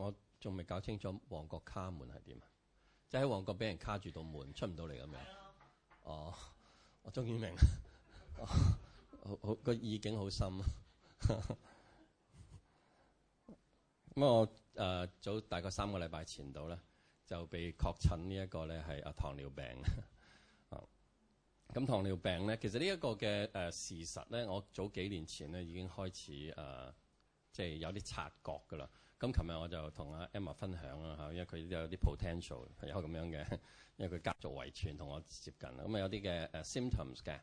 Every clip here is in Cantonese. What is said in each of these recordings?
我仲未搞清楚旺角卡門係點啊！即喺旺角俾人卡住道門，出唔到嚟咁樣。哦，我終於明啦、哦！好好個意境好深啊！咁我誒、呃、早大概三個禮拜前度咧，就被確診呢一個咧係啊糖尿病啊。咁、嗯、糖尿病咧，其實呢一個嘅誒事實咧，我早幾年前咧已經開始誒，即、呃、係、就是、有啲察覺㗎啦。咁琴日我就同阿 Emma 分享啦嚇，因為佢都有啲 potential 有咁樣嘅，因為佢家族遺傳同我接近，咁啊有啲嘅 symptoms 嘅，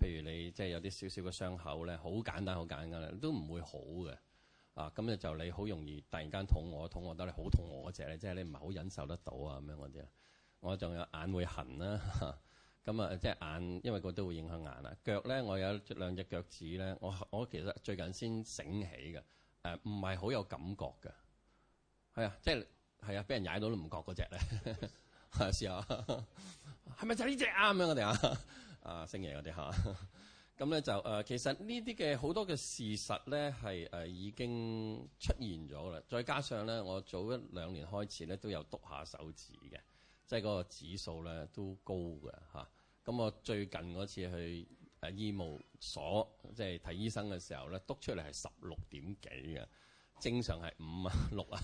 譬如你即係、就是、有啲少少嘅傷口咧，好簡單好簡單都唔會好嘅啊。咁咧就你好容易突然間痛我，痛我得你好痛我嗰隻咧，即、就、係、是、你唔係好忍受得到啊，咁樣嗰啲我仲有眼會痕啦，咁啊即係眼因為個都會影響眼啊。腳咧我有兩隻腳趾咧，我我其實最近先醒起嘅。誒唔係好有感覺嘅，係啊，即係係啊，俾人踩到都唔覺嗰隻咧，係啊，試下，係咪就呢隻啱？咁我哋啊，啊星爺嗰啲嚇，咁咧就誒，其實呢啲嘅好多嘅事實咧係誒已經出現咗嘅啦，再加上咧，我早一兩年開始咧都有篤下手指嘅，即係嗰個指數咧都高嘅嚇，咁，啊，我最近嗰次去。誒醫務所即係睇醫生嘅時候咧，督出嚟係十六點幾嘅，正常係五啊六啊，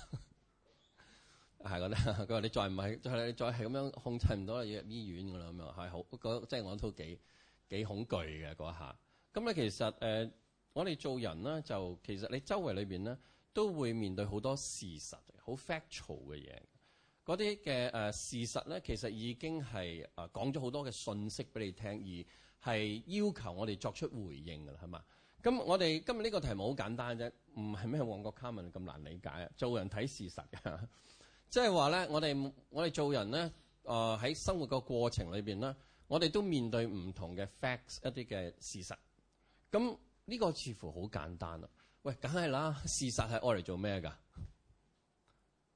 係嗰啲。佢話你再唔係，你再係咁樣控制唔到，要入醫院噶啦，咁樣係好嗰，即係我都都幾恐懼嘅嗰一下。咁咧其實誒，我哋做人咧就其實你周圍裏邊咧都會面對好多事實，好 factual 嘅嘢嗰啲嘅誒事實咧，其實已經係啊講咗好多嘅信息俾你聽而。係要求我哋作出回應噶啦，係嘛？咁我哋今日呢個題目好簡單啫，唔係咩旺角卡文咁難理解啊！做人睇事實嘅，即係話咧，我哋我哋做人咧，啊喺生活個過程裏邊咧，我哋都面對唔同嘅 facts 一啲嘅事實。咁呢個似乎好簡單啊！喂，梗係啦，事實係用嚟做咩㗎？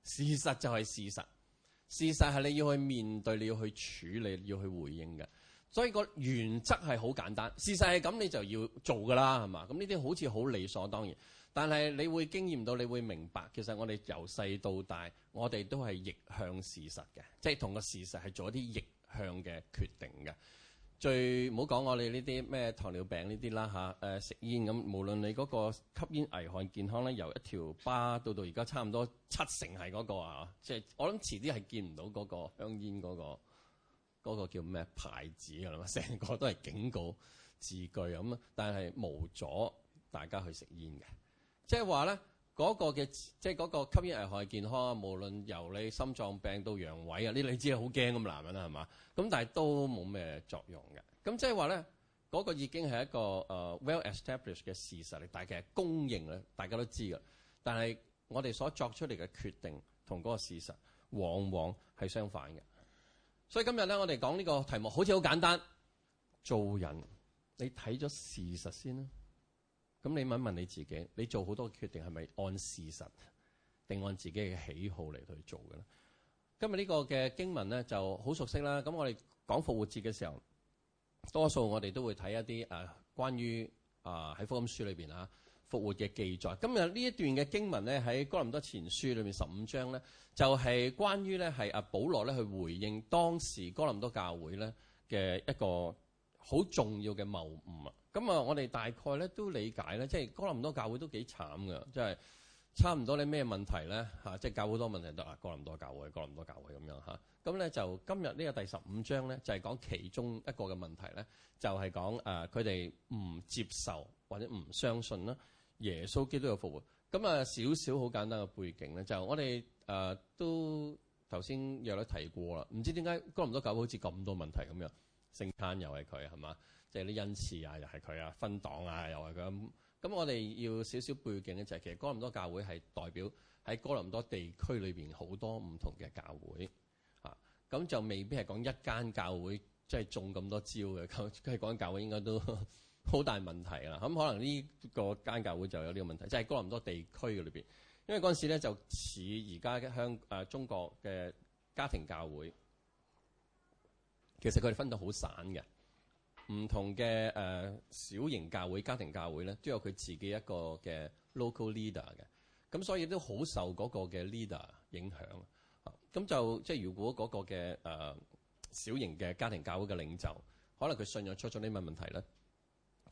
事實就係事實，事實係你要去面對，你要去處理，要去回應嘅。所以個原則係好簡單，事實係咁，你就要做㗎啦，係嘛？咁呢啲好似好理所當然，但係你會經驗到，你會明白，其實我哋由細到大，我哋都係逆向事實嘅，即係同個事實係做一啲逆向嘅決定嘅。最唔好講我哋呢啲咩糖尿病呢啲啦吓，誒、啊、食煙咁，無論你嗰個吸煙危害健康咧，由一條疤到到而家差唔多七成係嗰、嗰個啊，即、就、係、是、我諗遲啲係見唔到嗰個香煙嗰、嗰個。嗰個叫咩牌子㗎啦？成個都係警告字句咁，但係無阻大家去食煙嘅。即係話咧，嗰個嘅即係嗰個吸煙危害健康啊，無論由你心臟病到陽痿啊，你知係好驚咁啊，男人啦係嘛？咁但係都冇咩作用嘅。咁即係話咧，嗰個已經係一個誒 well established 嘅事實，你大嘅公認咧，大家都知㗎。但係我哋所作出嚟嘅決定同嗰個事實往往係相反嘅。所以今日咧，我哋講呢個題目好似好簡單。做人，你睇咗事實先啦。咁你問一問你自己，你做好多決定係咪按事實定按自己嘅喜好嚟去做嘅咧？今日呢個嘅經文咧就好熟悉啦。咁我哋講復活節嘅時候，多數我哋都會睇一啲誒，關於啊喺福音書裏邊啊。復活嘅記載。今日呢一段嘅經文咧，喺哥林多前書裏面十五章咧，就係關於咧係阿保羅咧去回應當時哥林多教會咧嘅一個好重要嘅謬誤啊！咁啊，我哋大概咧都理解咧，即係哥林多教會都幾慘㗎，即係差唔多啲咩問題咧嚇，即係教好多問題得啦，哥林多教會、哥林多教會咁樣嚇。咁咧就今日呢個第十五章咧，就係講其中一個嘅問題咧，就係講誒佢哋唔接受或者唔相信啦。耶穌基督有復活，咁啊少少好簡單嘅背景咧，就是，我哋誒、呃、都頭先約略提過啦。唔知點解哥林多教會好似咁多問題咁樣，聖餐又係佢係嘛，即係啲恩賜啊又係佢啊，分黨啊又係佢咁。咁我哋要少少背景咧，就是，就其實哥林多教會係代表喺哥林多地區裏邊好多唔同嘅教會啊。咁就未必係講一間教會即係，就是，中咁多招嘅。咁係講教會應該都。好大問題啦！咁可能呢個間教會就有呢個問題，即係哥林多地區嘅裏邊。因為嗰陣時咧就似而家嘅香誒中國嘅家庭教會，其實佢哋分到好散嘅，唔同嘅誒小型教會、家庭教會咧都有佢自己一個嘅 local leader 嘅，咁所以都好受嗰個嘅 leader 影響。咁就即係如果嗰個嘅誒小型嘅家庭教會嘅領袖，可能佢信任出咗啲乜問題咧？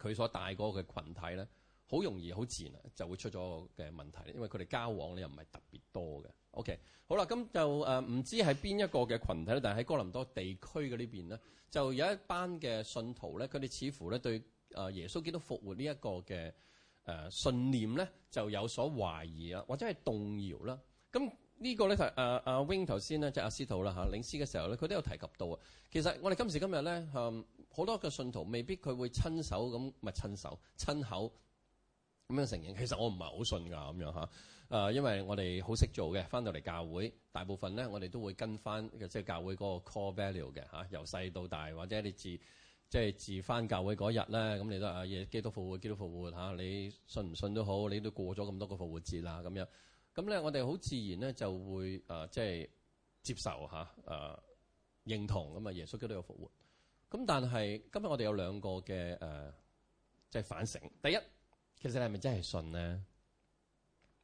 佢所大個嘅群體咧，好容易好自然啊，就會出咗嘅問題，因為佢哋交往咧又唔係特別多嘅。OK，好啦，咁就誒唔知係邊一個嘅群體咧，但係喺哥林多地區嘅呢邊咧，就有一班嘅信徒咧，佢哋似乎咧對誒耶穌基督復活呢一個嘅誒信念咧，就有所懷疑啦，或者係動搖啦。咁、嗯呢、這個咧就係阿阿 Wing 頭先咧，就、啊、阿、啊、司徒啦嚇，領師嘅時候咧，佢都有提及到啊。其實我哋今時今日咧，好、嗯、多嘅信徒未必佢會親手咁，咪係親手親口咁樣承認。其實我唔係好信㗎咁樣嚇。誒、啊，因為我哋好識做嘅，返到嚟教會，大部分咧我哋都會跟返即係教會嗰個 core value 嘅嚇。由、啊、細到大，或者你自即係、就是、自返教會嗰日咧，咁你都啊基督復活，基督復活嚇、啊。你信唔信都好，你都過咗咁多個復活節啦，咁樣。咁咧，我哋好自然咧就會即係、啊就是、接受嚇，誒、啊啊、認同咁啊，耶穌基督有復活。咁但係今日我哋有兩個嘅即係反省。第一，其實你係咪真係信咧？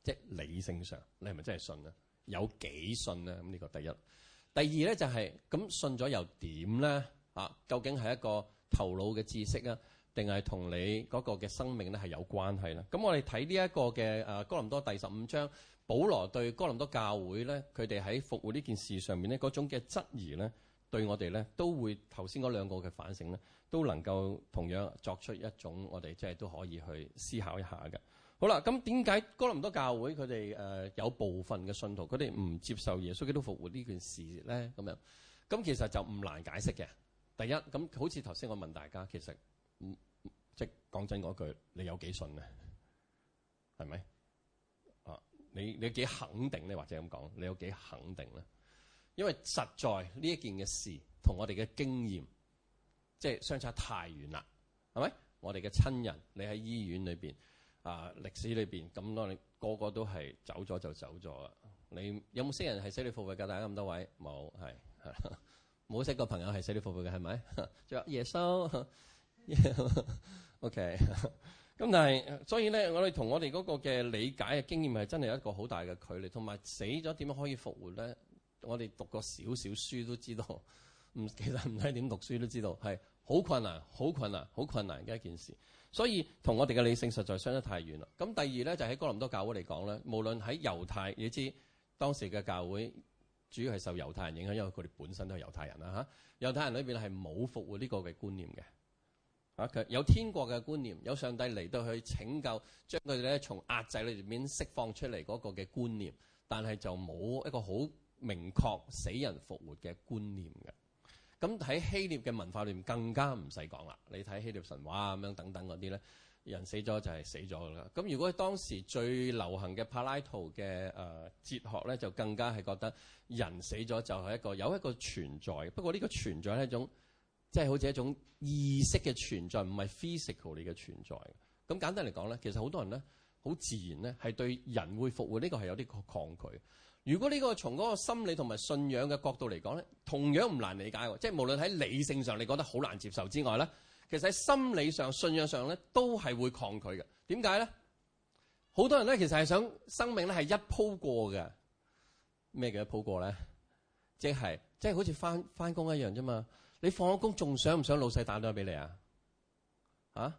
即、就、係、是、理性上，你係咪真係信咧？有幾信咧？咁呢個第一。第二咧就係、是，咁信咗又點咧？啊，究竟係一個頭腦嘅知識啊？定係同你嗰個嘅生命咧係有關係啦。咁我哋睇呢一個嘅誒哥林多第十五章，保羅對哥林多教會咧，佢哋喺復活呢件事上面咧嗰種嘅質疑咧，對我哋咧都會頭先嗰兩個嘅反省咧，都能夠同樣作出一種我哋即係都可以去思考一下嘅。好啦，咁點解哥林多教會佢哋誒有部分嘅信徒佢哋唔接受耶穌基督復活呢件事咧咁樣？咁其實就唔難解釋嘅。第一咁好似頭先我問大家，其實唔。即係講真嗰句，你有幾信咧？係咪？啊，你你幾肯定咧？或者咁講，你有幾肯定咧？因為實在呢一件嘅事，同我哋嘅經驗，即係相差太遠啦。係咪？我哋嘅親人，你喺醫院裏邊啊，歷史裏邊咁多，個個都係走咗就走咗啊。你有冇識人係死你復活死裏復活嘅？大家咁多位，冇係係冇識個朋友係死裏復活嘅，係咪？仲有耶穌。Yes, so, OK. 咁但係所以咧，我哋同我哋嗰個嘅理解嘅經驗係真係一個好大嘅距離，同埋死咗點樣可以復活咧？我哋讀過少少書都知道，唔其實唔使點讀書都知道係好困難、好困難、好困難嘅一件事。所以同我哋嘅理性實在相差太遠啦。咁第二咧就喺哥林多教會嚟講咧，無論喺猶太，你知當時嘅教會主要係受猶太人影響，因為佢哋本身都係猶太人啦嚇。猶太人裏面係冇復活呢個嘅觀念嘅。有天國嘅觀念，有上帝嚟到佢去拯救，將佢哋咧從壓制裏面釋放出嚟嗰個嘅觀念，但係就冇一個好明確死人復活嘅觀念嘅。咁喺希臘嘅文化裏面更加唔使講啦，你睇希臘神話啊咁樣等等嗰啲咧，人死咗就係死咗㗎啦。咁如果當時最流行嘅柏拉圖嘅誒哲學咧，就更加係覺得人死咗就係一個有一個存在，不過呢個存在係一種。即係好似一種意識嘅存在，唔係 physical 嚟嘅存在。咁簡單嚟講咧，其實好多人咧，好自然咧，係對人會復活呢個係有啲抗拒。如果呢個從嗰個心理同埋信仰嘅角度嚟講咧，同樣唔難理解。即係無論喺理性上你覺得好難接受之外咧，其實喺心理上、信仰上咧都係會抗拒嘅。點解咧？好多人咧，其實係想生命咧係一鋪過嘅。咩叫一鋪過咧？即係即係好似返返工一樣啫嘛。你放咗工仲想唔想老細打電話俾你啊？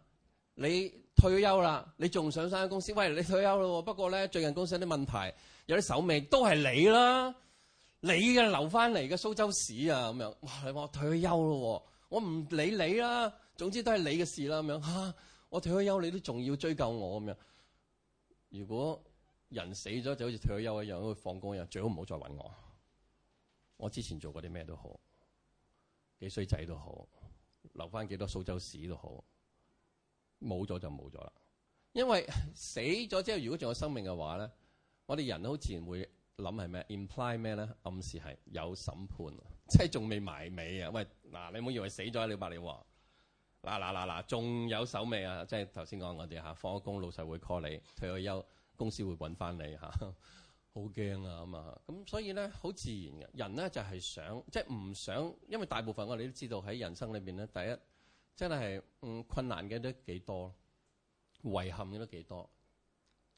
你退休啦，你仲想生公司？喂，你退休咯，不過咧最近公司有啲問題，有啲手尾都係你啦。你嘅留翻嚟嘅蘇州市啊，咁樣哇！你話我退休咯，我唔理你啦。總之都係你嘅事啦，咁樣吓。我退休你都仲要追究我咁樣，啊。如果人死咗就好似退休一樣，去放工一樣，最好唔好再搵我。我之前做過啲咩都好。幾衰仔都好，留翻幾多蘇州屎都好，冇咗就冇咗啦。因為死咗之後，如果仲有生命嘅話咧，我哋人好自然會諗係咩？imply 咩咧？Man, 暗示係有審判，即係仲未埋尾啊！喂，嗱你唔好以為死咗了白了，嗱嗱嗱嗱，仲有手尾啊！即係頭先講我哋吓，放咗工老細會 call 你，退咗休公司會搵翻你吓。哈哈好驚啊！咁啊，咁所以咧，好自然嘅人咧就係想即係唔想，因為大部分我哋都知道喺人生裏邊咧，第一真係嗯困難嘅都幾多，遺憾嘅都幾多，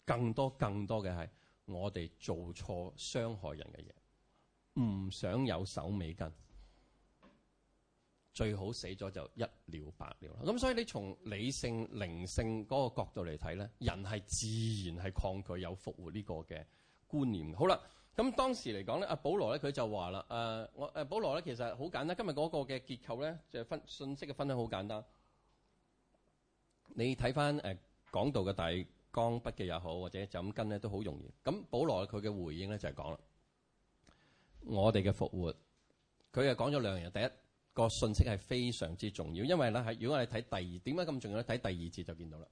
更多更多嘅係我哋做錯傷害人嘅嘢，唔想有手尾跟，最好死咗就一了百了啦。咁所以你從理性、靈性嗰個角度嚟睇咧，人係自然係抗拒有復活呢個嘅。觀念好啦，咁當時嚟講咧，阿保羅咧佢就話啦，誒、啊，我誒保羅咧其實好簡單，今日嗰個嘅結構咧就係、是、分信息嘅分咧好簡單，你睇翻誒講道嘅大綱筆記也好，或者就咁跟咧都好容易。咁保羅佢嘅回應咧就係講啦，我哋嘅復活，佢係講咗兩樣，第一個信息係非常之重要，因為咧係如果我哋睇第二，點解咁重要咧？睇第二節就見到啦。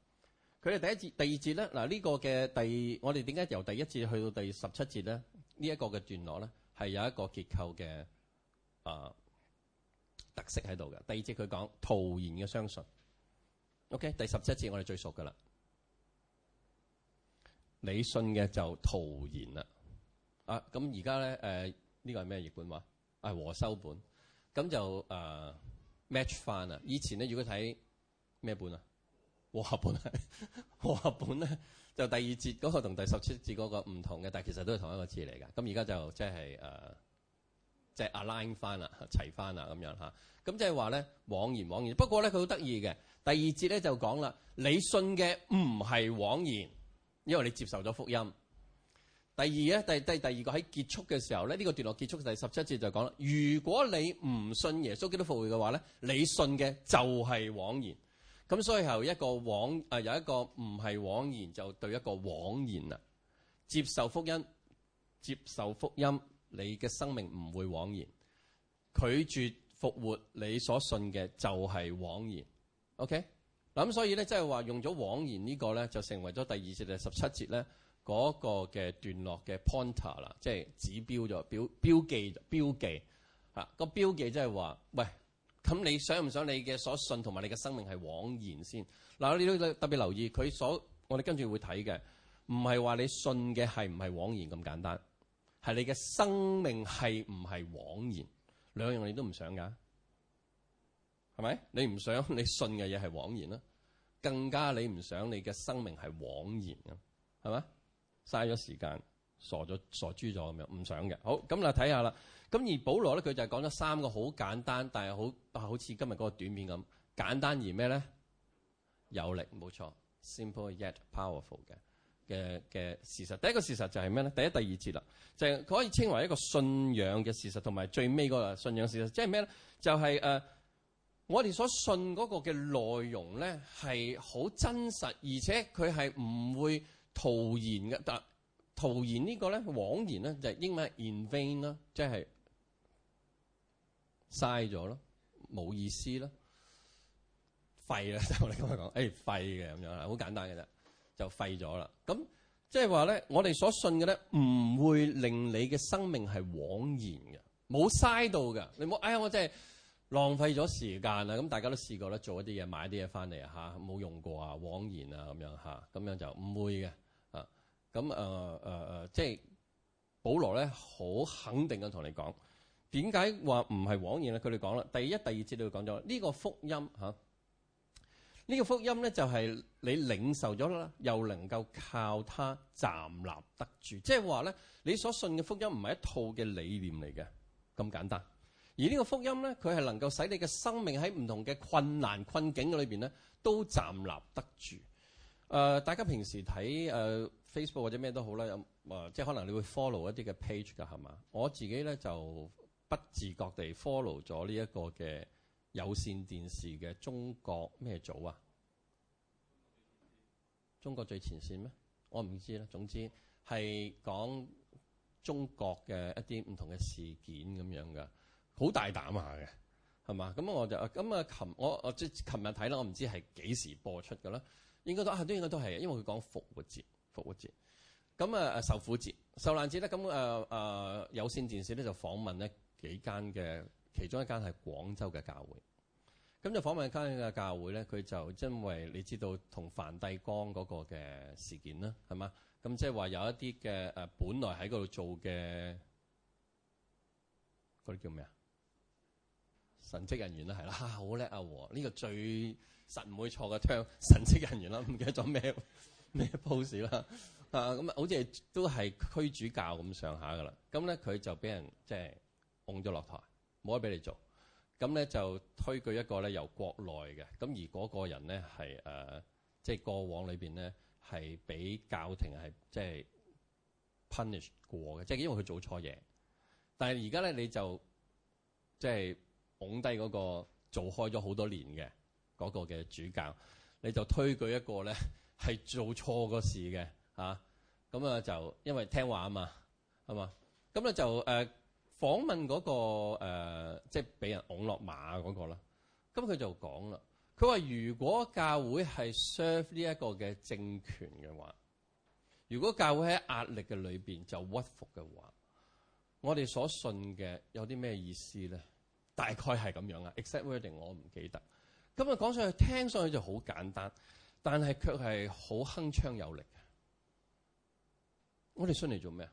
佢哋第一節、第二節咧，嗱、啊、呢、這個嘅第，我哋點解由第一節去到第十七節咧？呢、這、一個嘅段落咧，係有一個結構嘅啊特色喺度嘅。第二節佢講徒然嘅相信，OK，第十七節我哋最熟㗎喇，你信嘅就徒然啦。啊，咁而家咧誒呢、啊這個係咩譯本話？係、啊、和修本，咁就誒、啊、match 翻啦。以前咧如果睇咩本啊？和合本係和合本咧，就第二節嗰個同第十七節嗰個唔同嘅，但係其實都係同一個字嚟嘅。咁而家就即係誒，即、呃、係、就是、align 翻啦，齊翻啦咁樣嚇。咁即係話咧，枉然枉然。不過咧，佢好得意嘅，第二節咧就講啦，你信嘅唔係枉然，因為你接受咗福音。第二咧，第第第二個喺結束嘅時候咧，呢、這個段落結束第十七節就講啦，如果你唔信耶穌基督復活嘅話咧，你信嘅就係枉然。咁所以又一個枉、誒有一個唔係枉然就對一個枉然啦。接受福音，接受福音，你嘅生命唔會枉然。拒絕復活，你所信嘅就係枉然。OK，嗱咁所以咧，即係話用咗枉然呢、這個咧，就成為咗第二節第十七節咧嗰個嘅段落嘅 pointer 啦，即係指標咗標、標記標記嚇，個標記即係話喂。咁你想唔想你嘅所信同埋你嘅生命係枉然先？嗱，你都特別留意佢所，我哋跟住會睇嘅，唔係話你信嘅係唔係枉然咁簡單，係你嘅生命係唔係枉然？兩樣你都唔想㗎，係咪？你唔想你信嘅嘢係枉然啦，更加你唔想你嘅生命係枉然啊，係咪？嘥咗時間，傻咗、傻豬咗咁樣，唔想嘅。好，咁嗱，睇下啦。咁而保羅咧，佢就係講咗三個好簡單，但係好好似今日嗰個短片咁簡單而咩咧？有力冇錯，simple yet powerful 嘅嘅嘅事實。第一個事實就係咩咧？第一、第二節啦，就係、是、佢可以稱為一個信仰嘅事實，同埋最尾嗰個信仰事實，即係咩咧？就係、是、誒、呃，我哋所信嗰個嘅內容咧，係好真實，而且佢係唔會徒然。嘅、啊。但徒然個呢個咧，枉然咧，就係、是、英文 in vain 啦、就是，即係。嘥咗咯，冇意思咯，廢啦！就你咁嚟講，誒、欸、廢嘅咁樣啦，好簡單嘅啫，就廢咗啦。咁即係話咧，我哋所信嘅咧，唔會令你嘅生命係枉然嘅，冇嘥到嘅。你冇，哎呀，我真係浪費咗時間啊！咁大家都試過咧，做一啲嘢，買啲嘢翻嚟吓，冇用過往啊，枉然啊咁樣嚇，咁樣就唔會嘅。啊，咁誒誒誒，即、呃、係、就是、保羅咧，好肯定咁同你講。點解話唔係枉然咧？佢哋講啦，第一、第二節都講咗啦。呢、這個福音嚇，呢、啊這個福音咧就係、是、你領受咗啦，又能夠靠他站立得住。即係話咧，你所信嘅福音唔係一套嘅理念嚟嘅，咁簡單。而呢個福音咧，佢係能夠使你嘅生命喺唔同嘅困難困境裏邊咧，都站立得住。誒、呃，大家平時睇誒、呃、Facebook 或者咩都好啦，咁、呃、即係可能你會 follow 一啲嘅 page 㗎係嘛？我自己咧就。不自覺地 follow 咗呢一個嘅有線電視嘅中國咩組啊？中國最前線咩？我唔知啦。總之係講中國嘅一啲唔同嘅事件咁樣噶，好大膽下嘅係嘛？咁我就咁啊，琴我我即係琴日睇啦，我唔知係幾時播出㗎啦。應該都啊，都應該都係，因為佢講復活節、復活節咁啊，受苦節、受難節咧。咁誒誒有線電視咧就訪問咧，幾間嘅其中一間係廣州嘅教會，咁就訪問一間嘅教會咧，佢就因為你知道同梵蒂岡嗰個嘅事件啦，係嘛？咁即係話有一啲嘅誒，本來喺嗰度做嘅嗰啲叫咩啊？神職人員啦，係啦，好叻啊！呢個最神唔會錯嘅，聽神職人員啦，唔記得咗咩咩 pose 啦，啊咁 啊，好似都係區主教咁上下噶啦。咁咧佢就俾人即係。就是拱咗落台，冇得俾你做。咁咧就推舉一個咧由國內嘅，咁而嗰個人咧係誒，即係過往裏邊咧係俾教廷係即係 punish 過嘅，即係因為佢做錯嘢。但係而家咧你就即係拱低嗰個做開咗好多年嘅嗰個嘅主教，你就推舉一個咧係做錯個事嘅嚇，咁啊就因為聽話啊嘛，係嘛，咁咧就誒。呃訪問嗰、那個誒、呃，即係俾人掟落馬嗰、那個啦。咁佢就講啦，佢話：如果教會係 serve 呢一個嘅政權嘅話，如果教會喺壓力嘅裏邊就屈服嘅話，我哋所信嘅有啲咩意思咧？大概係咁樣啦，exact wording 我唔記得。咁啊，講上去聽上去就好簡單，但係卻係好鏗鏘有力。我哋信嚟做咩啊？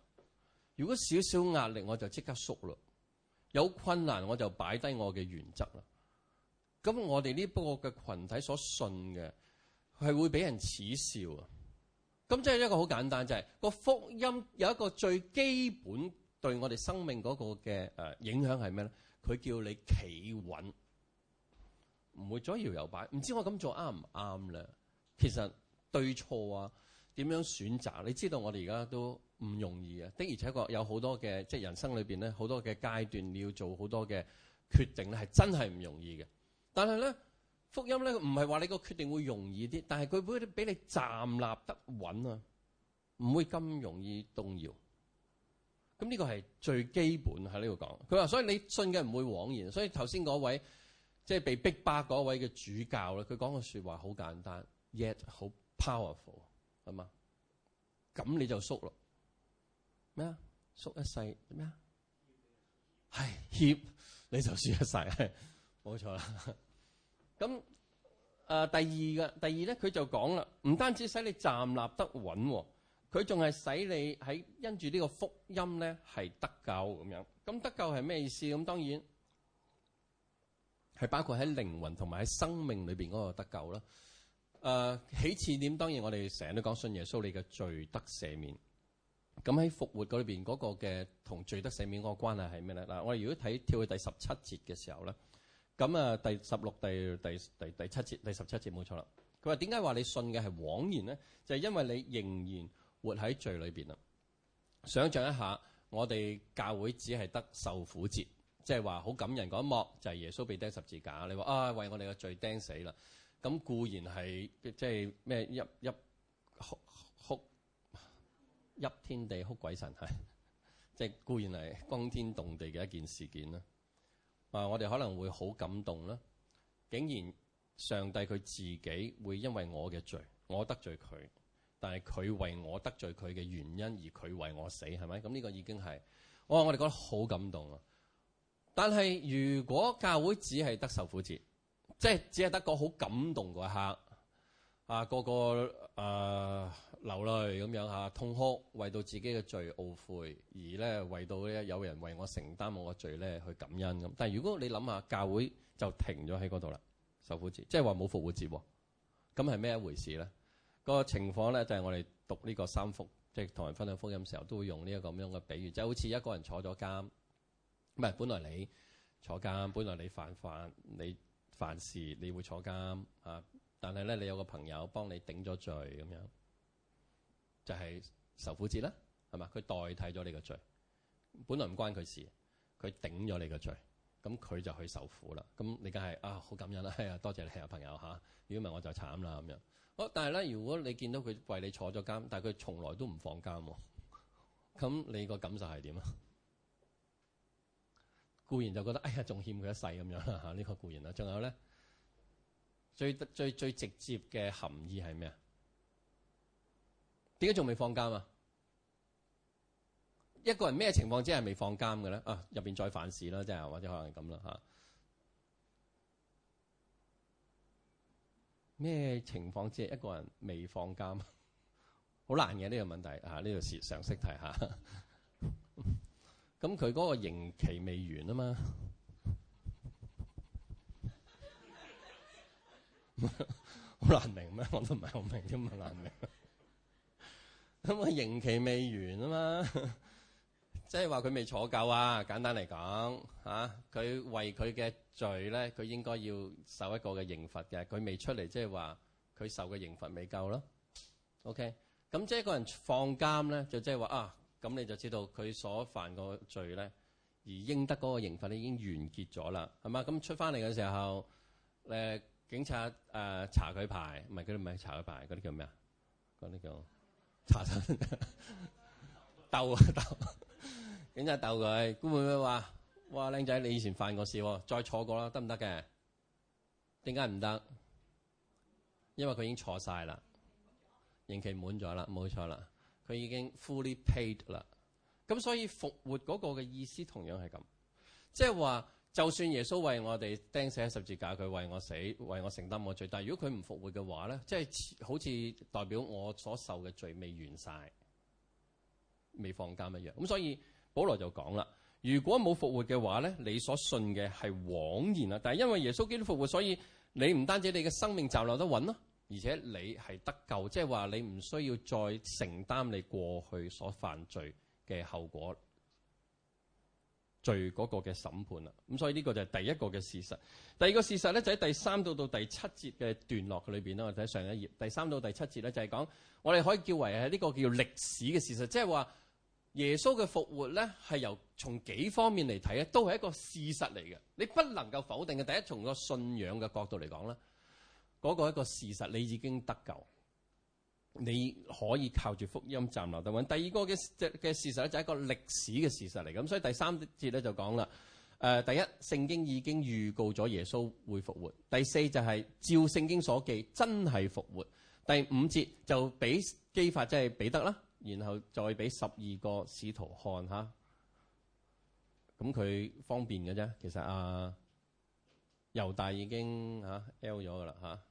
如果少少壓力我就即刻縮咯，有困難我就擺低我嘅原則啦。咁我哋呢個嘅群體所信嘅係會俾人恥笑啊！咁即係一個好簡單，就係、是、個福音有一個最基本對我哋生命嗰個嘅誒影響係咩咧？佢叫你企穩，唔會左搖右擺。唔知我咁做啱唔啱咧？其實對錯啊！點樣選擇？你知道我哋而家都唔容易啊，的而且確有好多嘅，即係人生裏邊咧好多嘅階段，你要做好多嘅決定咧，係真係唔容易嘅。但係咧，福音咧唔係話你個決定會容易啲，但係佢會俾你站立得穩啊，唔會咁容易動搖。咁呢個係最基本喺呢度講。佢話：所以你信嘅唔會枉然。所以頭先嗰位即係被逼迫嗰位嘅主教咧，佢講個説話好簡單，yet 好 powerful。係嘛？咁你就縮咯，咩啊？縮一世咩啊？係協，你就輸一世，冇錯啦。咁誒，第二嘅，第二咧，佢就講啦，唔單止使你站立得穩，佢仲係使你喺因住呢個福音咧係得救咁樣。咁得救係咩意思？咁當然係包括喺靈魂同埋喺生命裏邊嗰個得救啦。誒、uh, 起始點當然我哋成日都講信耶穌，你嘅罪得赦免。咁喺復活嗰裏面嗰個嘅同罪得赦免嗰個關係係咩咧？嗱，我哋如果睇跳去第十七節嘅時候咧，咁啊第十六、第第第第七節、第十七節冇錯啦。佢話點解話你信嘅係枉然咧？就係、是、因為你仍然活喺罪裏面啦。想像一下，我哋教會只係得受苦節，即係話好感人嗰一幕就係、是、耶穌被釘十字架，你話啊為我哋嘅罪釘死啦。咁固然係即係咩？泣，一哭哭泣，天地哭鬼神係，即係、就是、固然係轟天動地嘅一件事件啦。啊，我哋可能會好感動啦！竟然上帝佢自己會因為我嘅罪，我得罪佢，但係佢為我得罪佢嘅原因而佢為我死，係咪？咁呢個已經係、哦、我我哋覺得好感動啊！但係如果教會只係得受苦節？即係只係得個好感動嗰一刻啊！個個誒、呃、流淚咁樣嚇，痛哭，為到自己嘅罪懊悔，而咧為到咧有人為我承擔我嘅罪咧去感恩咁。但係如果你諗下，教會就停咗喺嗰度啦，受苦節，即係話冇復活節，咁係咩一回事咧？個情況咧就係、是、我哋讀呢個三福，即係同人分享福音的時候都會用呢一個咁樣嘅比喻，即係好似一個人坐咗監，唔係，本來你坐監，本來你犯法，你。凡事你會坐監啊，但係咧你有個朋友幫你頂咗罪咁樣，就係受苦節啦，係嘛？佢代替咗你個罪，本來唔關佢事，佢頂咗你個罪，咁佢就去受苦啦。咁你梗係啊，好感恩啦，係啊，多謝你啊朋友嚇。如果唔係我就慘啦咁樣。好，但係咧，如果你見到佢為你坐咗監，但係佢從來都唔放監喎，咁你個感受係點啊？固然就覺得，哎呀，仲欠佢一世咁樣啦嚇，呢、呢個固然啦。仲有咧，最最最直接嘅含義係咩啊？點解仲未放監啊？一個人咩情況之係未放監嘅咧？啊，入邊再犯事啦，即係或者可能係咁啦嚇。咩、啊、情況之係一個人未放監？好難嘅呢、呢個問題嚇，呢、啊呢個係常識題嚇。啊咁佢嗰個刑期未完啊嘛，好 難明咩？我都唔係好明咋，嘛。難明。咁啊，刑期未完啊嘛，即係話佢未坐夠啊。簡單嚟講，佢、啊、為佢嘅罪咧，佢應該要受一個嘅刑罰嘅。佢未出嚟，即係話佢受嘅刑罰未夠咯。OK，咁即係個人放監咧，就即係話啊。咁你就知道佢所犯個罪咧，而應得嗰個刑罰咧已經完結咗啦，係嘛？咁出翻嚟嘅時候，誒警察、呃、查佢牌，唔係嗰啲唔係查佢牌，嗰啲叫咩啊？嗰啲叫查身鬥啊 鬥！鬥鬥 警察鬥佢，估唔估話？哇，靚仔你以前犯過事喎、啊，再坐過啦得唔得嘅？點解唔得？因為佢已經坐晒啦，刑期滿咗啦，冇錯啦。佢已經 fully paid 啦，咁所以復活嗰個嘅意思同樣係咁，即係話就算耶穌為我哋釘死喺十字架，佢為我死，為我承擔我罪。但係如果佢唔復活嘅話咧，即係好似代表我所受嘅罪未完晒，未放監一樣。咁所以保羅就講啦，如果冇復活嘅話咧，你所信嘅係枉然啦。但係因為耶穌基督復活，所以你唔單止你嘅生命就留得穩咯。而且你係得救，即係話你唔需要再承擔你過去所犯罪嘅後果、罪嗰個嘅審判啦。咁所以呢個就係第一個嘅事實。第二個事實咧，就喺第三到到第七節嘅段落裏邊啦，我睇上一頁第三到第七節咧，就係講我哋可以叫為係呢個叫歷史嘅事實，即係話耶穌嘅復活咧，係由從幾方面嚟睇咧，都係一個事實嚟嘅，你不能夠否定嘅。第一，從個信仰嘅角度嚟講啦。嗰個一個事實，你已經得救，你可以靠住福音站立得穩。第二個嘅嘅事實咧，就係一個歷史嘅事實嚟。咁所以第三節咧就講啦，誒，第一，聖經已經預告咗耶穌會復活。第四就係照聖經所記，真係復活。第五節就俾磯法即係彼得啦，然後再俾十二個使徒看吓。咁佢方便嘅啫，其實啊。猶大已經嚇 L 咗嘅啦嚇，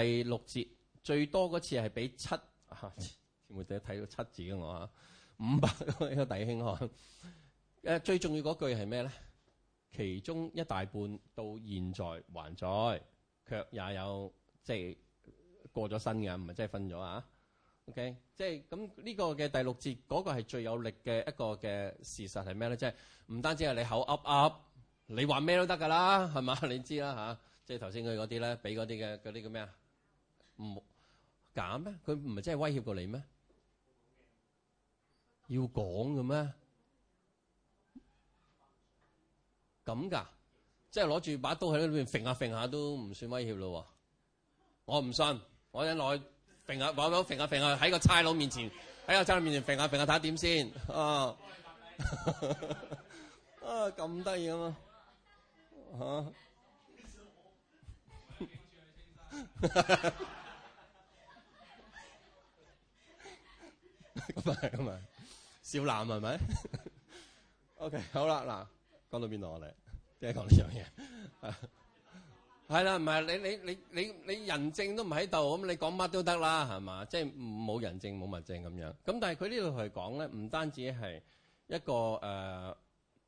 第六節最多嗰次係俾七，全部仔睇到七字嘅我嚇，五百個弟兄嚇。誒 最重要嗰句係咩咧？其中一大半到現在還在，卻也有即係、就是、過咗身嘅，唔係即係瞓咗啊？OK，即係咁呢個嘅第六節嗰、那個係最有力嘅一個嘅事實係咩咧？即係唔單止係你口噏噏。你話咩都得噶啦，係嘛？你知啦嚇、啊，即係頭先佢嗰啲咧，俾嗰啲嘅啲叫咩啊？唔減咩？佢唔係真係威脅過你咩？要講嘅咩？咁噶，即係攞住把刀喺裏面揈下揈下都唔算威脅咯。我唔信，我一攞揈下揈下揈下喺個差佬面前，喺個差佬面前揈下揈下睇點先啊！咁得意啊！啊！咁啊， 咁啊，少男係咪？OK，好啦，嗱，講到邊度我哋，即係講呢樣嘢，係啦，唔係你你你你你人證都唔喺度，咁你講乜都得啦，係嘛？即係冇人證冇物證咁樣。咁但係佢呢度係講咧，唔單止係一個誒。呃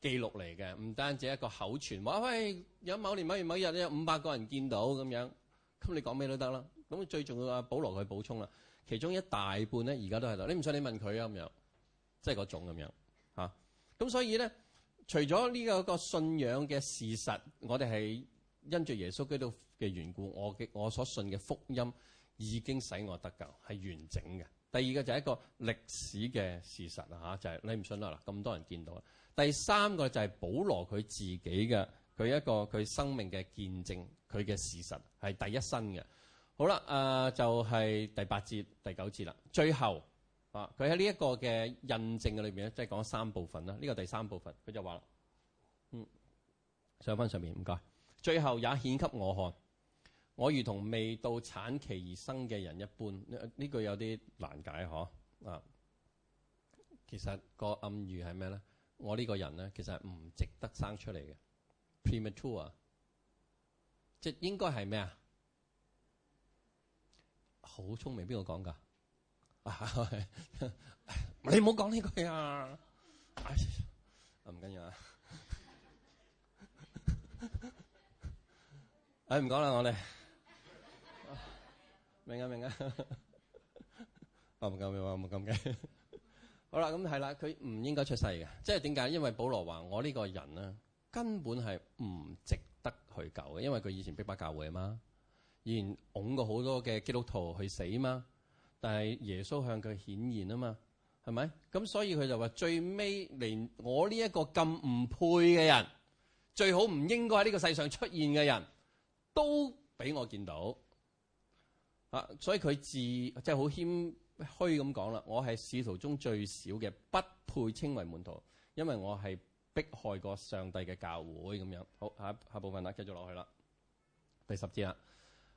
記錄嚟嘅，唔單止係一個口傳話，喂有某年某月某日有五百個人見到咁樣咁，你講咩都得啦。咁最重要阿保羅去補充啦，其中一大半咧，而家都喺度。你唔信，你問佢啊咁樣，即係嗰種咁樣嚇。咁、啊、所以咧，除咗呢個信仰嘅事實，我哋係因着耶穌基督嘅緣故，我嘅我所信嘅福音已經使我得救，係完整嘅。第二個就係一個歷史嘅事實啊吓，就係、是、你唔信啦嗱，咁多人見到。第三個就係保羅佢自己嘅佢一個佢生命嘅見證，佢嘅事實係第一身嘅。好啦，誒、呃、就係、是、第八節第九節啦。最後啊，佢喺呢一個嘅印證嘅裏邊咧，即、就、係、是、講三部分啦。呢、這個第三部分佢就話：嗯，上返上面唔該。最後也顯給我看，我如同未到產期而生嘅人一般。呢、這、句、個、有啲難解呵啊，其實那個暗喻係咩咧？我呢個人咧，其實係唔值得生出嚟嘅，premature，啊，ature, 即係應該係咩啊？好聰明，邊個講㗎？ 你唔好講呢句啊！唔緊要啊！唉，唔講啦，我哋 明啊，明啊， 我唔好咁我唔好咁嘅。好啦，咁係啦，佢唔應該出世嘅，即係點解？因為保羅話：我呢個人咧，根本係唔值得去救嘅，因為佢以前逼迫教會嘛，以前拱過好多嘅基督徒去死嘛。但係耶穌向佢顯現啊嘛，係咪？咁所以佢就話：最尾連我呢一個咁唔配嘅人，最好唔應該喺呢個世上出現嘅人都俾我見到啊！所以佢自即係好謙虛咁講啦，我係使徒中最少嘅，不配稱為門徒，因為我係迫害過上帝嘅教會咁樣。好，下部下部分啦，繼續落去啦，第十節啦。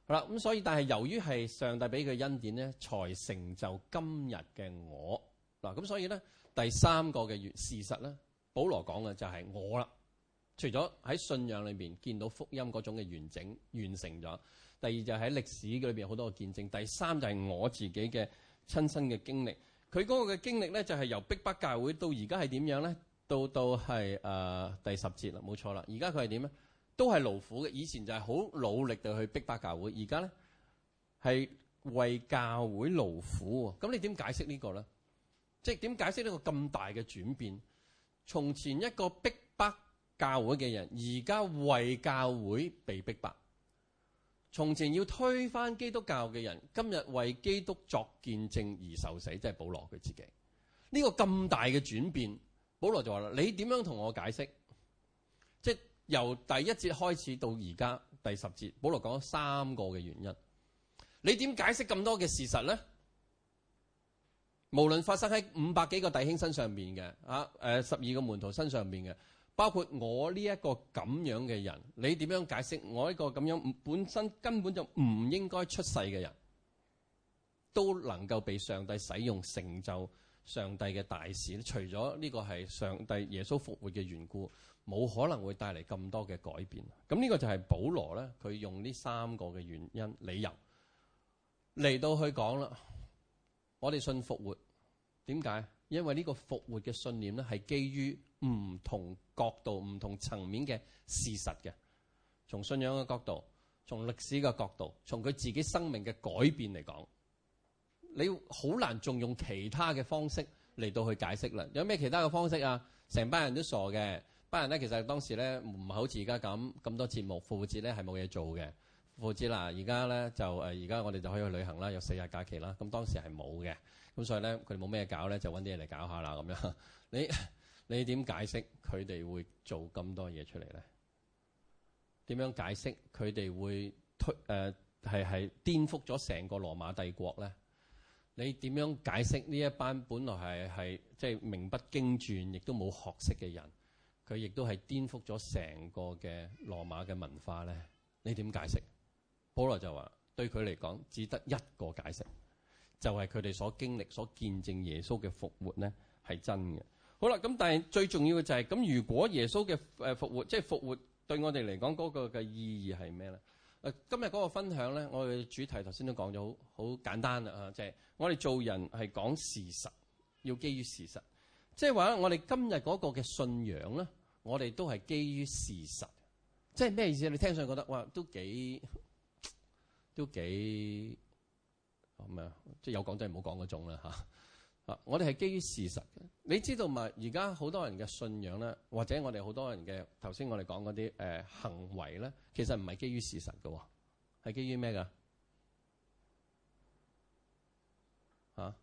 好啦，咁所以但係由於係上帝俾佢恩典咧，才成就今日嘅我嗱。咁所以咧，第三個嘅事實咧，保羅講嘅就係我啦。除咗喺信仰裏邊見到福音嗰種嘅完整完成咗，第二就係喺歷史嘅裏邊有好多嘅見證，第三就係我自己嘅。親身嘅經歷，佢個嘅經歷咧，就係由逼迫教會到而家係點樣咧？到到係誒、呃、第十節啦，冇錯啦。而家佢係點咧？都係勞苦嘅。以前就係好努力地去逼迫教會，而家咧係為教會勞苦喎。咁你點解釋這個呢個咧？即係點解釋呢個咁大嘅轉變，從前一個逼迫教會嘅人，而家為教會被逼迫。從前要推翻基督教嘅人，今日為基督作見證而受死，即係保羅佢自己。呢個咁大嘅轉變，保羅就話啦：你點樣同我解釋？即係由第一節開始到而家第十節，保羅講咗三個嘅原因。你點解釋咁多嘅事實咧？無論發生喺五百幾個弟兄身上邊嘅啊，誒，十二個門徒身上邊嘅。包括我呢一個咁樣嘅人，你點樣解釋我一個咁樣本身根本就唔應該出世嘅人，都能夠被上帝使用成就上帝嘅大事咧？除咗呢個係上帝耶穌復活嘅緣故，冇可能會帶嚟咁多嘅改變。咁呢個就係保羅咧，佢用呢三個嘅原因理由嚟到去講啦。我哋信復活，點解？因為呢個復活嘅信念咧，係基於。唔同角度、唔同層面嘅事實嘅，從信仰嘅角度，從歷史嘅角度，從佢自己生命嘅改變嚟講，你好難仲用其他嘅方式嚟到去解釋啦。有咩其他嘅方式啊？成班人都傻嘅，班人咧其實當時咧唔係好似而家咁咁多節目，復節咧係冇嘢做嘅。復節嗱而家咧就誒而家我哋就可以去旅行啦，有四日假期啦。咁當時係冇嘅，咁所以咧佢哋冇咩搞咧，就揾啲嘢嚟搞下啦咁樣。你。你點解釋佢哋會做咁多嘢出嚟咧？點樣解釋佢哋會,會推誒係係顛覆咗成個羅馬帝國咧？你點樣解釋呢一班本來係係即係名不經傳，亦都冇學識嘅人，佢亦都係顛覆咗成個嘅羅馬嘅文化咧？你點解釋？保羅就話：對佢嚟講，只得一個解釋，就係佢哋所經歷、所見證耶穌嘅復活咧，係真嘅。好啦，咁但係最重要嘅就係咁，如果耶穌嘅誒復活，即係復活對我哋嚟講嗰個嘅意義係咩咧？誒，今日嗰個分享咧，我嘅主題頭先都講咗，好好簡單啦吓，即係我哋做人係講事實，要基於事實，即係話我哋今日嗰個嘅信仰咧，我哋都係基於事實，即係咩意思？你聽上去覺得哇，都幾都幾咁啊？即係有講真唔好講嗰種啦吓。啊啊！我哋係基於事實嘅，你知道咪，而家好多人嘅信仰咧，或者我哋好多人嘅頭先我哋講嗰啲誒行為咧，其實唔係基於事實嘅，係基於咩噶？嚇、啊！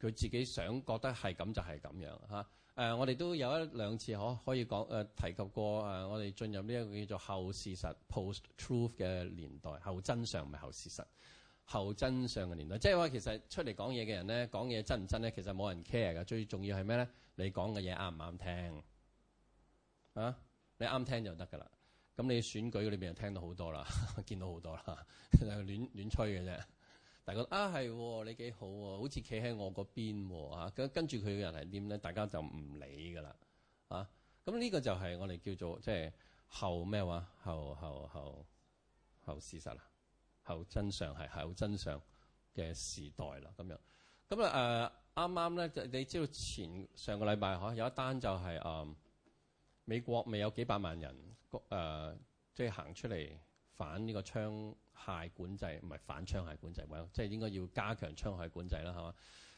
佢自己想覺得係咁就係咁樣嚇。誒、啊，我哋都有一兩次可可以講誒提及過誒，我哋進入呢一個叫做後事實 （post-truth） 嘅年代，後真相唔係後事實。後真相嘅年代，即係話其實出嚟講嘢嘅人咧，講嘢真唔真咧，其實冇人 care 噶。最重要係咩咧？你講嘅嘢啱唔啱聽？啊，你啱聽就得噶啦。咁你選舉嗰裏邊就聽到好多啦， 見到好多啦，就亂亂吹嘅啫。大家啊係、哦、你幾好、啊，好似企喺我嗰邊吓。咁、啊、跟住佢嘅人係點咧？大家就唔理噶啦。啊，咁呢個就係我哋叫做即係後咩話？後後後後事實啦。係後真相，係係後真相嘅時代啦。咁樣，咁啊誒，啱啱咧，就你知道前上個禮拜可有一單就係、是、誒、啊、美國未有幾百萬人誒，即係行出嚟反呢個槍械管制，唔係反槍械管制，唔係，即係應該要加強槍械管制啦，係嘛？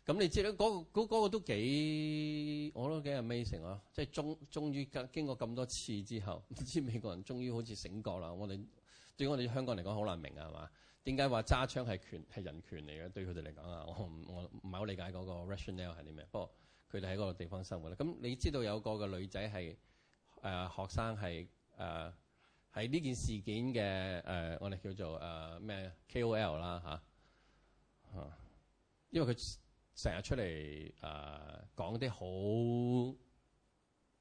咁你知咧，嗰、那、嗰、個那個都幾我都幾 amazing 咯、啊，即、就、係、是、終終於經經過咁多次之後，唔知美國人終於好似醒覺啦，我哋。對於我哋香港嚟講，好難明啊係嘛？點解話揸槍係權係人權嚟嘅？對佢哋嚟講啊，我唔我唔係好理解嗰個 rationale 係啲咩。不過佢哋喺嗰個地方生活咧，咁你知道有個嘅女仔係誒學生係誒喺呢件事件嘅誒、呃，我哋叫做誒咩 K.O.L 啦嚇。因為佢成日出嚟誒講啲好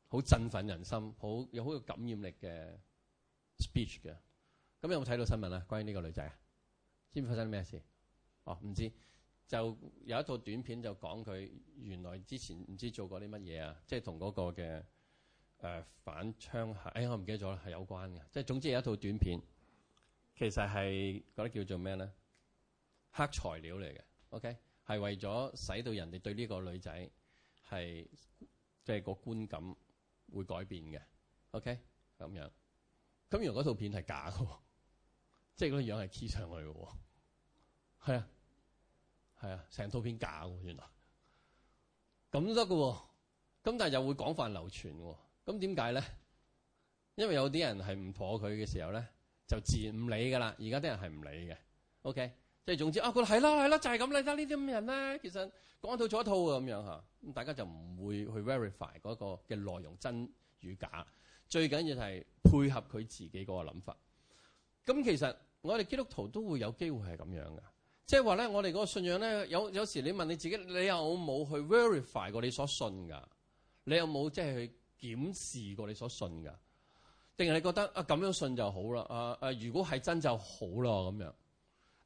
好振奮人心、好有好有感染力嘅 speech 嘅。咁有冇睇到新聞啊？關於呢個女仔啊，知唔知發生咩事？哦，唔知就有一套短片就講佢原來之前唔知做過啲乜嘢啊，即係同嗰個嘅、呃、反槍嚇，誒、哎、我唔記得咗啦，係有關嘅。即係總之有一套短片，其實係嗰啲叫做咩咧？黑材料嚟嘅，OK，係為咗使到人哋對呢個女仔係即係個觀感會改變嘅，OK，咁樣。咁原來嗰套片係假嘅。即係嗰個樣係黐上去嘅喎，係啊，係啊，成套片假嘅原來，咁都得嘅，咁但係就會廣泛流傳嘅，咁點解咧？因為有啲人係唔妥佢嘅時候咧，就自然唔理噶啦。而家啲人係唔理嘅，OK，即係總之啊，佢係啦係啦，就係咁得呢啲咁嘅人咧，其實講一套做一套啊，咁樣吓，咁大家就唔會去 verify 嗰個嘅內容真與假，最緊要係配合佢自己嗰個諗法。咁其實我哋基督徒都會有機會係咁樣嘅，即係話咧，我哋嗰個信仰咧，有，有時你問你自己，你有冇去 verify 過你所信噶？你有冇即係去檢視過你所信噶？定係你覺得啊，咁樣信就好啦，啊啊如果係真就好啦咁樣。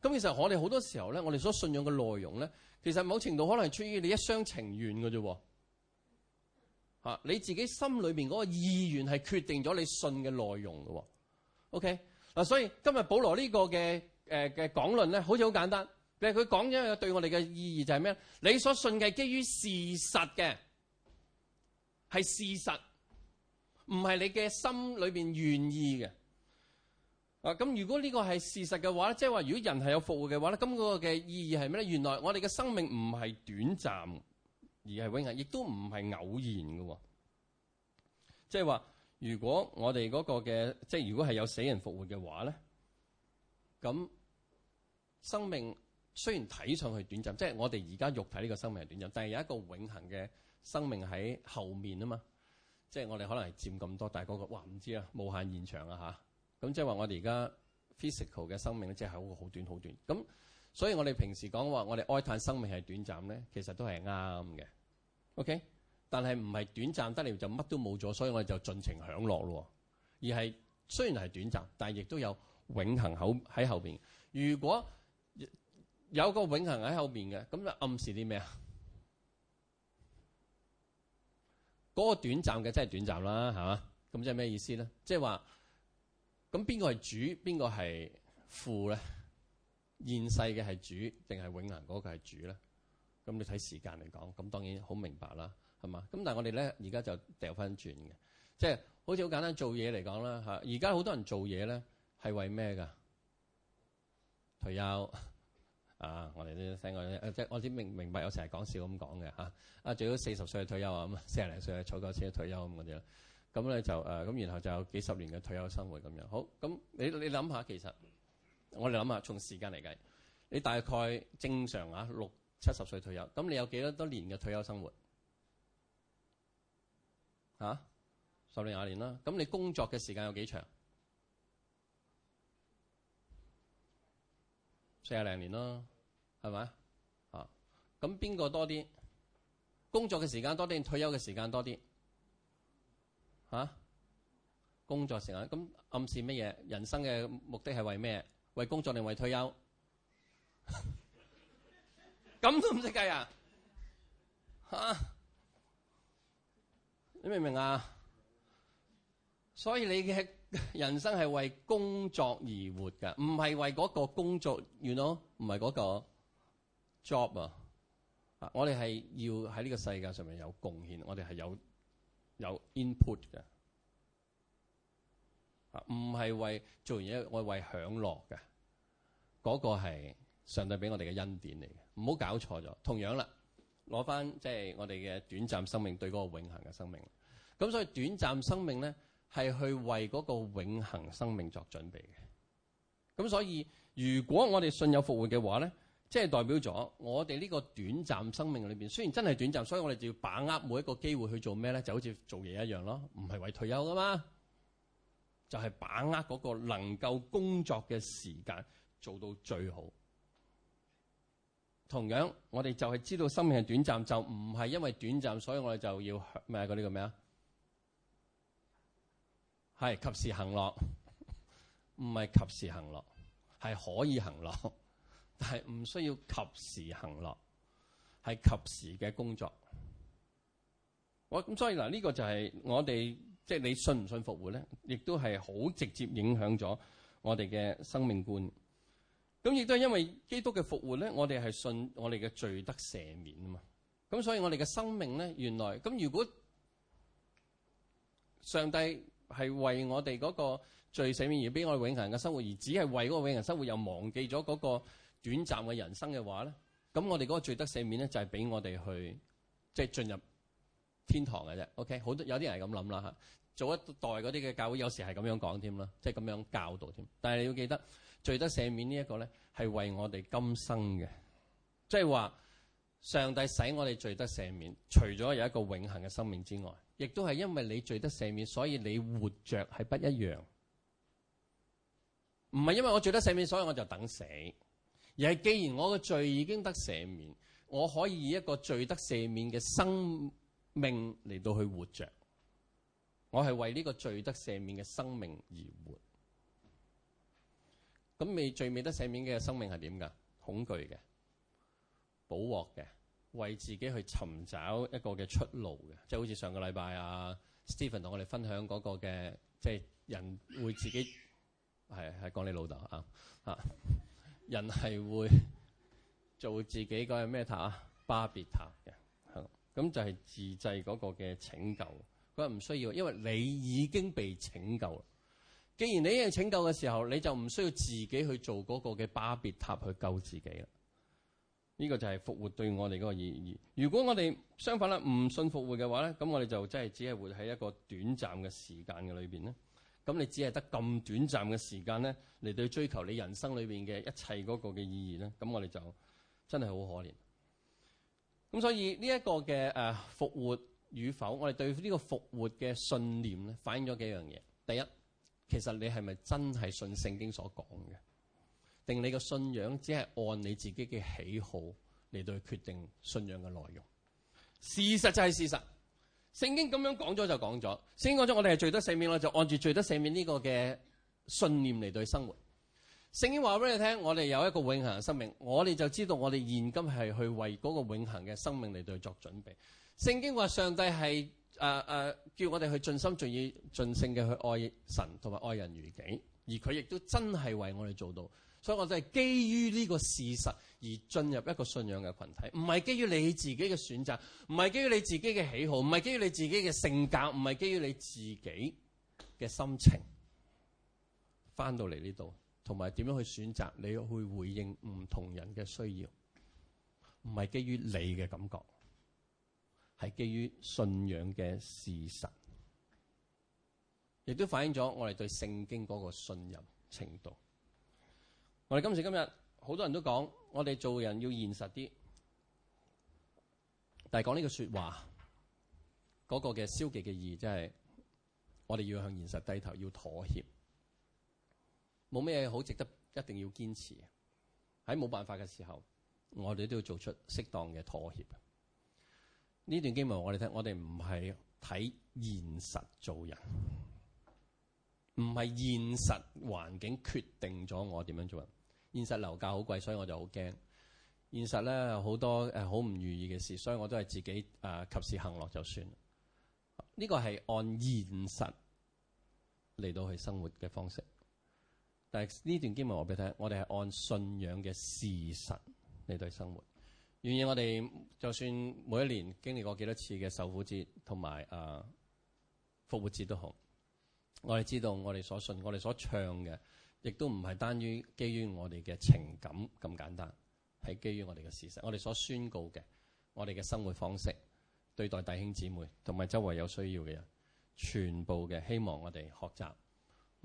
咁其實我哋好多時候咧，我哋所信仰嘅內容咧，其實某程度可能係出於你一廂情願嘅啫喎。嚇你自己心裏邊嗰個意願係決定咗你信嘅內容嘅喎。OK。嗱，所以今日保羅、呃、呢個嘅誒嘅講論咧，好似好簡單。但係佢講咗對我哋嘅意義就係咩咧？你所信嘅基於事實嘅，係事實，唔係你嘅心裏邊願意嘅。啊，咁如果呢個係事實嘅話咧，即係話如果人係有復活嘅話咧，咁嗰個嘅意義係咩咧？原來我哋嘅生命唔係短暫，而係永恆，亦都唔係偶然嘅。即係話。如果我哋嗰個嘅，即係如果係有死人復活嘅話咧，咁生命雖然睇上去短暫，即係我哋而家肉體呢個生命係短暫，但係有一個永恆嘅生命喺後面啊嘛，即係我哋可能係佔咁多，但係嗰個，哇唔知啊，無限延長啊吓。咁即係話我哋而家 physical 嘅生命咧，即係好好短好短，咁所以我哋平時講話我哋哀嘆生命係短暫咧，其實都係啱嘅，OK？但係唔係短暫得嚟就乜都冇咗，所以我哋就盡情享樂咯。而係雖然係短暫，但係亦都有永恆口喺後邊。如果有個永恆喺後邊嘅，咁就暗示啲咩啊？嗰個短暫嘅真係短暫啦，係嘛？咁即係咩意思咧？即係話咁邊個係主，邊個係副咧？現世嘅係主定係永恆嗰個係主咧？咁你睇時間嚟講，咁當然好明白啦。係嘛？咁但係我哋咧而家就掉翻轉嘅，即係好似好簡單做嘢嚟講啦嚇。而家好多人做嘢咧係為咩㗎？退休啊！我哋都聽過啲，即係我先明明白。我成日講笑咁講嘅嚇啊，最好四十歲退休啊，咁四廿零歲坐架車退休咁嗰啲啦。咁咧就誒咁，然後就有幾十年嘅退休生活咁樣。好咁，你你諗下，其實我哋諗下，從時間嚟計，你大概正常啊六七十歲退休，咁你有幾多多年嘅退休生活？嚇、啊，十年廿年啦，咁你工作嘅時間有幾長？四廿零年啦，係咪？啊，咁邊個多啲？工作嘅時間多啲，退休嘅時間多啲？嚇、啊？工作時間，咁暗示乜嘢？人生嘅目的係為咩？為工作定為退休？咁都唔識計啊？嚇？你明唔明啊？所以你嘅人生係為工作而活嘅，唔係為嗰個工作，you know，唔係嗰個 job 啊！我哋係要喺呢個世界上面有貢獻，我哋係有有 input 嘅，唔係為做完嘢我為享樂嘅，嗰個係上帝俾我哋嘅恩典嚟嘅，唔好搞錯咗。同樣啦。攞翻即係我哋嘅短暫生命對嗰個永恆嘅生命，咁所以短暫生命咧係去為嗰個永恆生命作準備嘅。咁所以如果我哋信有復活嘅話咧，即係代表咗我哋呢個短暫生命裏面，雖然真係短暫，所以我哋就要把握每一個機會去做咩咧？就好似做嘢一樣咯，唔係為退休噶嘛，就係把握嗰個能夠工作嘅時間做到最好。同樣，我哋就係知道生命係短暫，就唔係因為短暫，所以我哋就要咩啊？嗰啲叫咩啊？係及時行樂，唔係及時行樂，係可以行樂，但係唔需要及時行樂，係及時嘅工作。我咁所以嗱，呢個就係我哋即係你信唔信復活咧，亦都係好直接影響咗我哋嘅生命觀。咁亦都係因為基督嘅復活咧，我哋係信我哋嘅罪得赦免啊嘛。咁所以我哋嘅生命咧，原來咁如果上帝係為我哋嗰個罪赦免而俾我哋永恒嘅生活，而只係為嗰個永恆生活，又忘記咗嗰個短暫嘅人生嘅話咧，咁我哋嗰個罪得赦免咧就係俾我哋去即係、就是、進入天堂嘅啫。OK，好多有啲人係咁諗啦嚇，早一代嗰啲嘅教會有時係咁樣講添啦，即係咁樣教導添。但係你要記得。罪得赦免呢一個呢，係為我哋今生嘅，即係話上帝使我哋罪得赦免，除咗有一個永恆嘅生命之外，亦都係因為你罪得赦免，所以你活着係不一樣。唔係因為我罪得赦免，所以我就等死，而係既然我嘅罪已經得赦免，我可以以一個罪得赦免嘅生命嚟到去活着。我係為呢個罪得赦免嘅生命而活。咁未最未得赦免嘅生命係點噶？恐懼嘅、保獲嘅，為自己去尋找一個嘅出路嘅。即係好似上個禮拜啊 Steven 同我哋分享嗰個嘅，即係人會自己係係講你老豆啊啊，人係會做自己嗰個咩塔啊巴別塔嘅，係咁就係自製嗰個嘅拯救。佢話唔需要，因為你已經被拯救了。既然你一樣拯救嘅時候，你就唔需要自己去做嗰個嘅巴別塔去救自己啦。呢個就係復活對我哋嗰個意義。如果我哋相反咧，唔信復活嘅話咧，咁我哋就真係只係活喺一個短暫嘅時間嘅裏邊咧。咁你只係得咁短暫嘅時間咧嚟到追求你人生裏邊嘅一切嗰個嘅意義咧，咁我哋就真係好可憐。咁所以呢一個嘅誒復活與否，我哋對呢個復活嘅信念咧，反映咗幾樣嘢。第一。其實你係咪真係信聖經所講嘅？定你嘅信仰只係按你自己嘅喜好嚟到決定信仰嘅內容？事實就係事實，聖經咁樣講咗就講咗。聖經講咗，我哋係罪得赦免，我就按住罪得赦免呢個嘅信念嚟對生活。聖經話俾你聽，我哋有一個永恆嘅生命，我哋就知道我哋現今係去為嗰個永恆嘅生命嚟對作準備。聖經話上帝係。啊啊、叫我哋去盡心盡意、盡性嘅去愛神同埋愛人如己，而佢亦都真係為我哋做到。所以我哋係基於呢個事實而進入一個信仰嘅群體，唔係基於你自己嘅選擇，唔係基於你自己嘅喜好，唔係基於你自己嘅性格，唔係基於你自己嘅心情翻到嚟呢度，同埋點樣去選擇，你去回應唔同人嘅需要，唔係基於你嘅感覺。係基於信仰嘅事實，亦都反映咗我哋對聖經嗰個信任程度。我哋今時今日好多人都講，我哋做人要現實啲，但係講呢句說話嗰個嘅消極嘅意義，即係我哋要向現實低頭，要妥協，冇咩好值得一定要堅持。喺冇辦法嘅時候，我哋都要做出適當嘅妥協。呢段經文我哋聽，我哋唔係睇現實做人，唔係現實環境決定咗我點樣做人。現實樓價好貴，所以我就好驚。現實咧好多誒好唔如意嘅事，所以我都係自己誒、啊、及時行樂就算。呢、這個係按現實嚟到去生活嘅方式。但係呢段經文我俾你聽，我哋係按信仰嘅事實嚟到生活。願意我，我哋就算每一年經歷過幾多次嘅受苦節同埋啊復活節都好，我哋知道我哋所信、我哋所唱嘅，亦都唔係單於基於我哋嘅情感咁簡單，係基於我哋嘅事實。我哋所宣告嘅，我哋嘅生活方式，對待弟兄姊妹同埋周圍有需要嘅人，全部嘅希望我哋學習，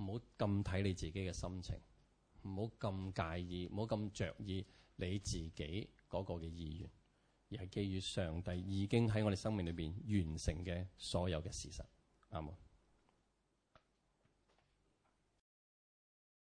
唔好咁睇你自己嘅心情，唔好咁介意，唔好咁著意你自己。嗰個嘅意願，而係基於上帝已經喺我哋生命裏面完成嘅所有嘅事實，啱。